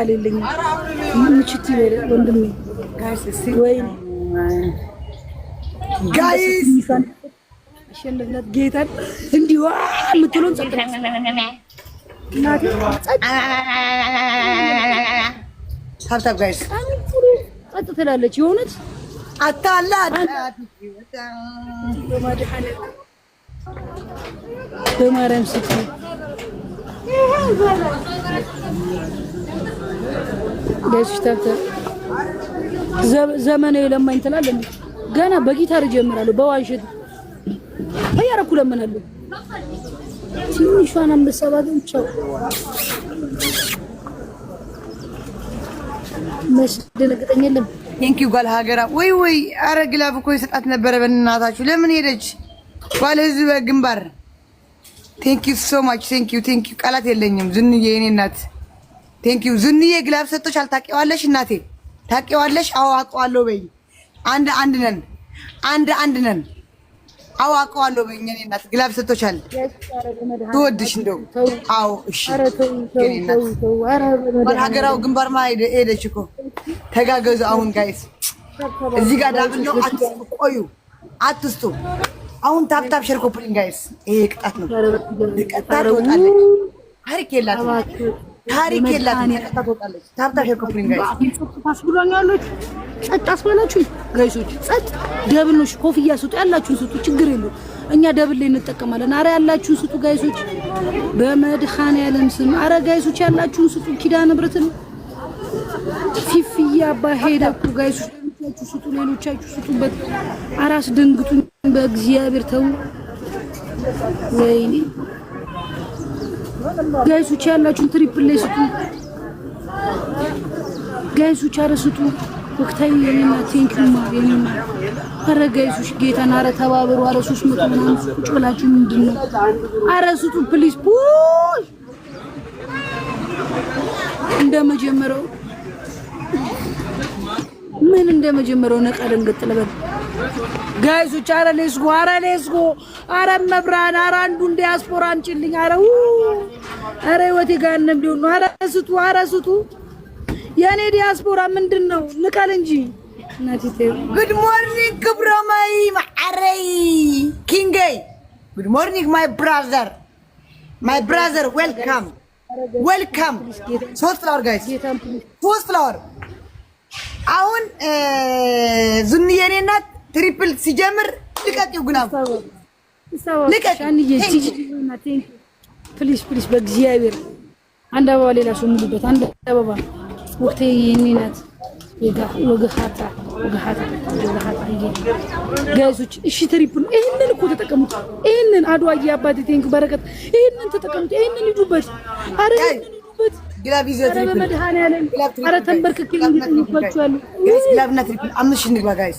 አልልኝም ምችት ይበል ወንድሜ ወይ ጋይስ ጌታን እንዲሁ የምትሉን ሀብታብ ጋይስ ጸጥ ትላለች። የሆነት አታላ በማርያም ስትል ዘመነ የለማኝ ትላለህ። ገና በጊታር እጀምራለሁ በዋሽት እያደረኩ ለምናለሁ። ትንሿን አንበሳ ባገኘቻው መስደነግጠኝ የለም። ቴንኪ ጓል ሀገራ ወይ ወይ፣ አረ ግላብ እኮ የሰጣት ነበረ። በእናታችሁ ለምን ሄደች? ባለ ህዝብ ግንባር ቴንክ ዩ ሶ ማች ቴንክ ዩ ቴንክ ዩ ቃላት የለኝም። ዝንዬ የኔ እናት ቴንክ ዩ ዝንዬ ግላብ ሰጦች አልታውቂዋለሽ እናቴ ታውቂዋለሽ? አዎ አውቀዋለሁ በይ። አንድ አንድ ነን፣ አንድ አንድ ነን። አዎ አውቀዋለሁ በይ። የኔ እናት ግላብ ሰጦች ትወድሽ እንደው። አዎ እሺ የኔ ሀገራው ግንባር ማ ሄደች እኮ ተጋገዙ። አሁን ጋይስ እዚህ ጋር ዳብ እንደው አትስጡ፣ ቆዩ አትስጡ አሁን ታፕታፕ ሼር ኮፕሊንግ ጋይስ፣ ይሄ ቅጣት ነው። ቅጣት ትወጣለች። ታሪክ የላትም፣ ታሪክ የላትም። ቅጣት ትወጣለች። ታፕታፕ ሼር ኮፕሊንግ ጋይስ፣ ጸጥ ብሏኛለች። ጸጥ አስባላችሁ ጋይሶች፣ ጸጥ ደብል ነው። ኮፍያ ስጡ፣ ያላችሁን ስጡ፣ ችግር የለው። እኛ ደብል ላይ እንጠቀማለን። አረ ያላችሁን ስጡ ጋይሶች፣ በመድኃኔዓለም ስም አረ ጋይሶች፣ ያላችሁን ስጡ። ኪዳነ ምሕረትን ፊፍያ አባ ሄደኩ ጋይሶች፣ ሌሎቻችሁ ስጡ፣ ሌሎቻችሁ ስጡበት። አራስ ደንግጡኝ በእግዚአብሔር ተው። ወይኔ ጋይሶች ያላችሁን ትሪፕል ላይ ስጡ። ጋይሶች አረ ስጡ። ወቅታዊ የኔና ቴንኪዩ ማ የኔና አረ ጋይሶች ጌታን አረ ተባበሩ። አረ ሶስት መቶ ምናምን ቁጭ ብላችሁ ምንድን ነው? አረ ስጡ ፕሊዝ ፑል እንደመጀመሪያው ምን እንደመጀመሪያው ነቃ ደንገጥ ልበል ጋይስ ውጭ። አረ ሌስጎ፣ አረ ሌስጎ፣ አረ መብራን፣ አረ አንዱን ዲያስፖራ አምጪልኝ። አረ ው አረ ህይወቴ ጋንም ሊሆን ነው። አረ ስቱ፣ አረ ስቱ። የእኔ ዲያስፖራ ምንድን ነው? ንቀል እንጂ ጉድ ሞርኒንግ ክብረማይ ማዕረይ ኪንገይ ጉድ ሞርኒንግ ማይ ብራዘር ማይ ብራዘር ዌልካም ዌልካም። ሶስት ላወር ጋይስ፣ ሶስት ላወር አሁን ዙንዬ እኔ እናት ትሪፕል ሲጀምር ልቀቂው፣ ግላብ ልቀቂው። ፕሊስ ፕሊስ፣ በእግዚአብሔር አንድ አበባ ሌላ ሰው ሙሉበት። አንድ አበባ ወቅቴ የኔ ናት። ወገሀታ ወገሀታ ወገሀታ ጋይሶች፣ እሺ ትሪፕል ይህንን እኮ ተጠቀሙት። ይህንን አድዋዬ አባቴ ቴንክ በረከት፣ ይህንን ተጠቀሙት። ይህንን አረ ትሪፕል አምስት ሺህ እንግባ ጋይስ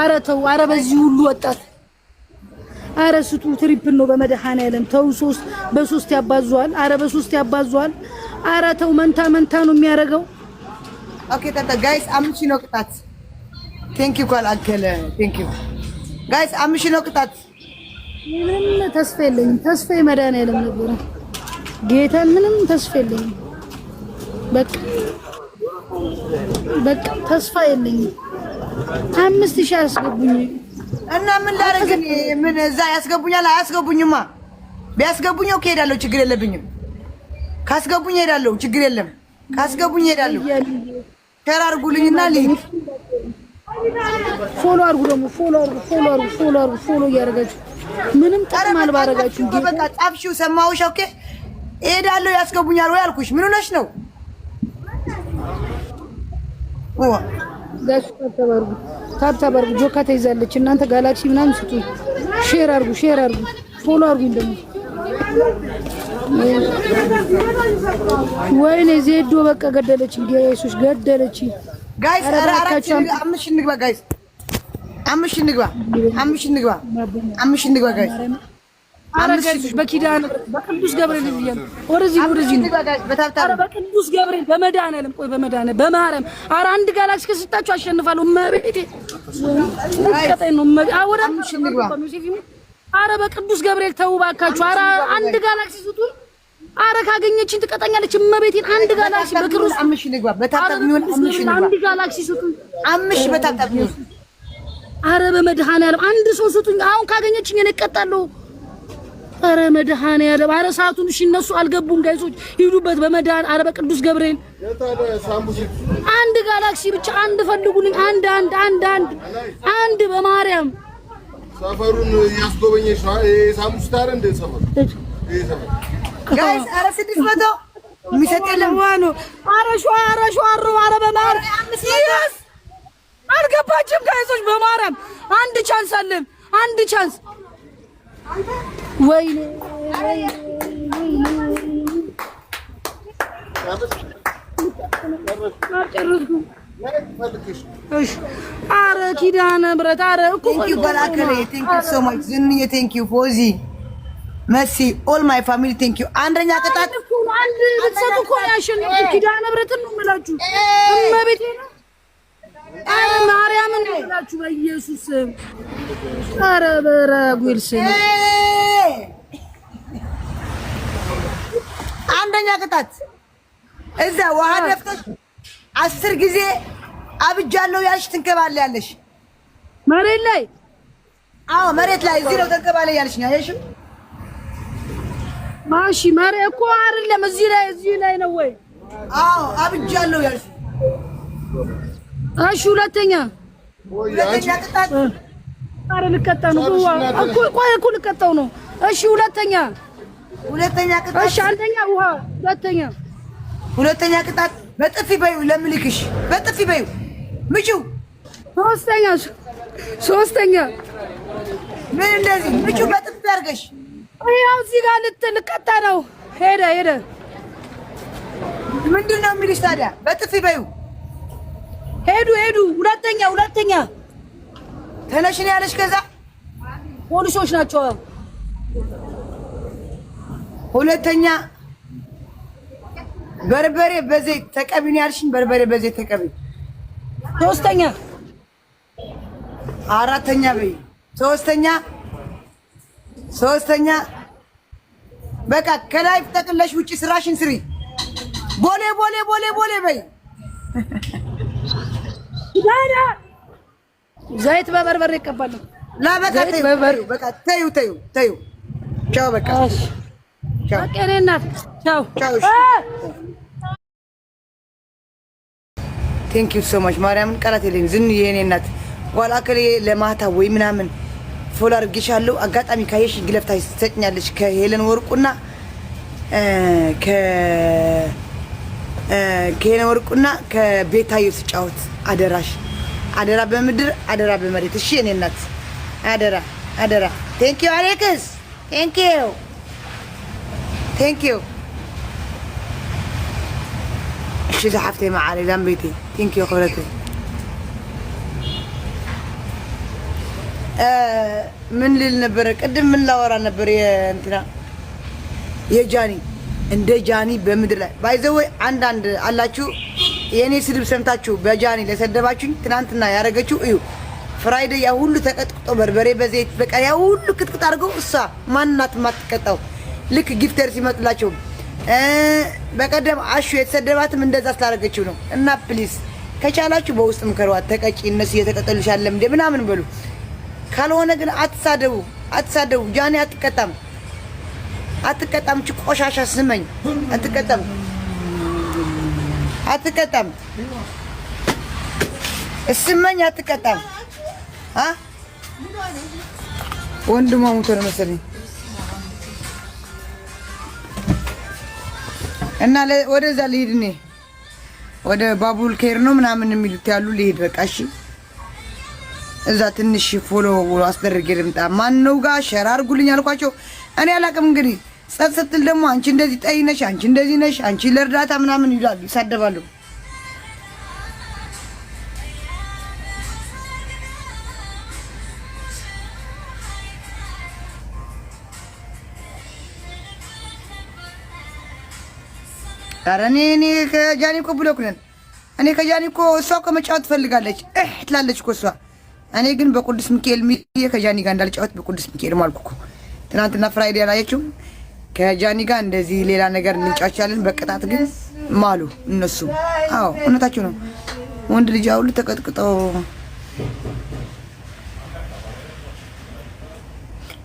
አረ ተው፣ አረ በዚህ ሁሉ ወጣት አረ ስጡ፣ ትሪፕ ነው በመድኃኔዓለም ተው። ሶስት በሶስት ያባዟል። አረ በሶስት ያባዟል። አረ ተው፣ መንታ መንታ ነው የሚያደርገው። ኦኬ ታታ ጋይስ አምሺ ነው ቅጣት። ቴንክ ዩ ኳል አከለ ቴንክ ዩ ጋይስ አምሺ ነው ቅጣት። ምንም ተስፋ የለኝም። ተስፋ መድኃኔዓለም ነበረ ጌታ። ምንም ተስፋ የለኝም። በቃ በቃ ተስፋ የለኝም። አምስት ሺህ አስገቡኝ እና ምን ላደርግ? ምን እዛ ያስገቡኛል? አያስገቡኝማ። ቢያስገቡኝ ኦኬ እሄዳለሁ፣ ችግር የለብኝም። ካስገቡኝ እሄዳለሁ፣ ችግር የለም። ካስገቡኝ እሄዳለሁ። ሸር አድርጉልኝና ልሂድ። ፎሎ አድርጉ ደግሞ ፎሎ አድርጉ፣ ፎሎ አድርጉ፣ ፎሎ አድርጉ፣ ፎሎ እያደረጋችሁ ምንም ጥቅም አልባ እንዴ በቃ ጻፍሽው፣ ሰማሁሽ። ኦኬ እሄዳለሁ፣ ያስገቡኛል ወይ አልኩሽ። ምን ሆነሽ ነው? ጋሽ ታብታብ አድርጉ፣ ታብታብ ጆካ ተይዛለች። እናንተ ጋላክሲ ምናምን ስጡ። ሼር አርጉ፣ ሼር አርጉ፣ ፎሎ አድርጉኝ። ደግሞ ወይኔ ዜዶ በቃ ገደለች፣ ኢየሱስ ገደለች። ጋይስ አምሽ እንግባ፣ ጋይስ አምሽ እንግባ፣ አምሽ እንግባ፣ አምሽ እንግባ ጋይስ አረጋችሁ በኪዳነ በቅዱስ ገብርኤል ይያል ወደዚህ አረ በቅዱስ ገብርኤል በመድኃኒዓለም ቆይ በመድኃኒዓለም በማርያም ኧረ አንድ ጋላክሲ ከስጣችሁ አሸንፋለሁ። መቤቴ ነው መቤቴ አወራ በቅዱስ ገብርኤል ተው እባካችሁ። ኧረ አንድ ጋላክሲ ስጡ። ኧረ ካገኘችን ትቀጣኛለች። መቤቴን አንድ ጋላክሲ በክሩስ አምሽ ንግባ በታጣብ ነው አምሽ ንግባ አንድ ጋላክሲ ስጡ። አምሽ በታጣብ ነው። ኧረ በመድኃኒዓለም አንድ ሰው ስጡኝ። አሁን ካገኘችኝ እኔ እቀጣለሁ። አረ ኧረ ያለ አረ ሰዓቱን እሺ እነሱ አልገቡም ጋይሶች ሂዱበት በመድኃኔ አረ በቅዱስ ገብርኤል አንድ ጋላክሲ ብቻ አንድ ፈልጉልኝ አንድ አንድ አንድ አንድ አንድ በማርያም ሰፈሩን ያስጎበኘሽ ነው ሳምቡስ ታረ እንደ ሰፈሩ ጋይስ አረ ስድስት መቶ የሚሰጥ የለም ነው አረ ሸዋ ኧረ ሸዋ ኧረ በማርያም አልገባችም ጋይሶች በማርያም አንድ ቻንስ አለን አንድ ቻንስ ወይኔ አረ ኪዳነ ምህረት አረ እኮ በላከሬ ቴንክ ዩ ሶ ዝንዬ ቴንክ ዩ ፎዚ መሲ ኦል ማይ ፋሚሊ ቴንክ ዩ አንደኛ ቅጣት አንድ ብትሰጡ እኮ ያሸነፍኩት ኪዳነ ምህረትን ነው የምላችሁ እመቤቴ ነው አረ ማርያም እንደላችሁ በኢየሱስ አረ በራጉል ስም አንደኛ ቅጣት እዛ ውሃ ደፍተሽ አስር ጊዜ አብጃለሁ ያልሽ ትንከባለ ያለሽ መሬት ላይ አዎ፣ መሬት ላይ እዚህ ነው ተንከባለ ያለሽ ነው ያለሽም ማሺ ማሪ እኮ አይደለም፣ እዚህ ላይ እዚህ ላይ ነው ወይ? አዎ አብጃለሁ ያልሽ እሺ ሁለተኛ ኧረ ልቀጣ ነው ቆይ እኮ ልቀጣው ነው። እሺ ሁለተኛ ሁለተኛ ቅጣት እሺ አንደኛ ውሃ ሁለተኛ ሁለተኛ ቅጣት በጥፊ በዩ ለምልክሽ በጥፊ በዩ ምጪው ሶስተኛ ሶስተኛ ምን እንደዚህ ምጪው በጥፊ አድርገሽ ይኸው እዚህ ጋር ልቀጣ ነው ሄደ ሄደ ምንድን ነው የሚልሽ ታዲያ በጥፊ በዩ ሄዱ ሄዱ። ሁለተኛ ሁለተኛ ተነሽ ነው ያለሽ። ከዛ ፖሊሶች ናቸው። ሁለተኛ በርበሬ በዘይት ተቀቢ ነው ያልሽኝ። በርበሬ በዘይት ተቀቢ። ሶስተኛ አራተኛ በይ። ሶስተኛ ሶስተኛ በቃ ከላይ ጠቅለሽ ውጪ ስራሽን ስሪ። ቦሌ ቦሌ ቦሌ ቦሌ በይ ዘይት በበርበሬ ይቀባለሁ። ቴንክ ዩ ሶ ማች ማርያምን ቃላት የለኝ ዝን የእኔ እናት ኋላ እከሌ ለማታ ወይ ምናምን ፎሎ አድርጌሻለሁ። አጋጣሚ ካየሽ ግለፍታ ትሰጭኛለሽ። ከሄለን ወርቁና ከሄለን ወርቁና ከቤታዬ ስጫወት አደራሽ አደራ በምድር አደራ በመሬት። እሺ የኔ እናት አደራ አደራ። ቴንክ ዩ አሌክስ፣ ቴንክ ዩ ቴንክ ዩ። እሺ ዛሓፍተይ መዓሪ ላም ቴንክ ዩ ክብረተይ ምን ልል ነበር? ቅድም ምን ላወራ ነበር? የእንትና የጃኒ እንደ ጃኒ በምድር ላይ ባይዘወይ አንዳንድ አላችሁ የእኔ ስድብ ሰምታችሁ በጃኒ ለሰደባችሁኝ ትናንትና ያደረገችው እዩ። ፍራይዴ ያ ሁሉ ተቀጥቅጦ በርበሬ በዘይት በቃ ያ ሁሉ ቅጥቅጥ አድርገው እሷ ማናት ማትቀጣው? ልክ ጊፍተር ሲመጡላቸው በቀደም አሹ የተሰደባትም እንደዛ ስላደረገችው ነው። እና ፕሊስ ከቻላችሁ በውስጥ ምከሯት፣ ተቀጪ እነሱ እየተቀጠሉሽ አለም እንደ ምናምን በሉ። ካልሆነ ግን አትሳደቡ፣ አትሳደቡ። ጃኒ አትቀጣም፣ አትቀጣም። ቆሻሻ ስመኝ አትቀጣም። አትቀጣም። እስመኝ አትቀጣም። ወንድሟ ሞቶ ነው መሰለኝ እና ወደዛ ልሂድ እኔ ወደ ባቡል ኬር ነው ምናምን የሚሉት ያሉ ልሂድ። በቃ እሺ፣ እዛ ትንሽ ፎሎ አስደርጌ ልምጣ። ማን ነው ጋር ሸራ አድርጉልኝ አልኳቸው። እኔ አላቅም እንግዲህ ጸጥ ስትል ደግሞ አንቺ እንደዚህ ጠይ ነሽ፣ አንቺ እንደዚህ ነሽ፣ አንቺ ለእርዳታ ምናምን ይላሉ፣ ይሳደባሉ። ኧረ እኔ እኔ ከጃኒ እኮ ብሎክ ነን። እኔ ከጃኒ እኮ እሷ እኮ መጫወት ትፈልጋለች እህ ትላለች እኮ እሷ። እኔ ግን በቅዱስ ሚካኤል ሚዬ ከጃኒ ጋር እንዳልጫወት በቅዱስ ሚካኤል ማልኩ እኮ ትናንትና ፍራይዴ አላየችውም። ከጃኒ ጋር እንደዚህ ሌላ ነገር እንጫቻለን። በቅጣት ግን ማሉ እነሱ። አዎ እውነታችሁ ነው። ወንድ ልጅ ሁሉ ተቀጥቅጠው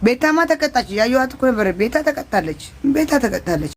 ቤታማ ተቀጣች። ያየኋት እኮ ነበር። ቤታ ተቀጣለች። ቤታ ተቀጣለች።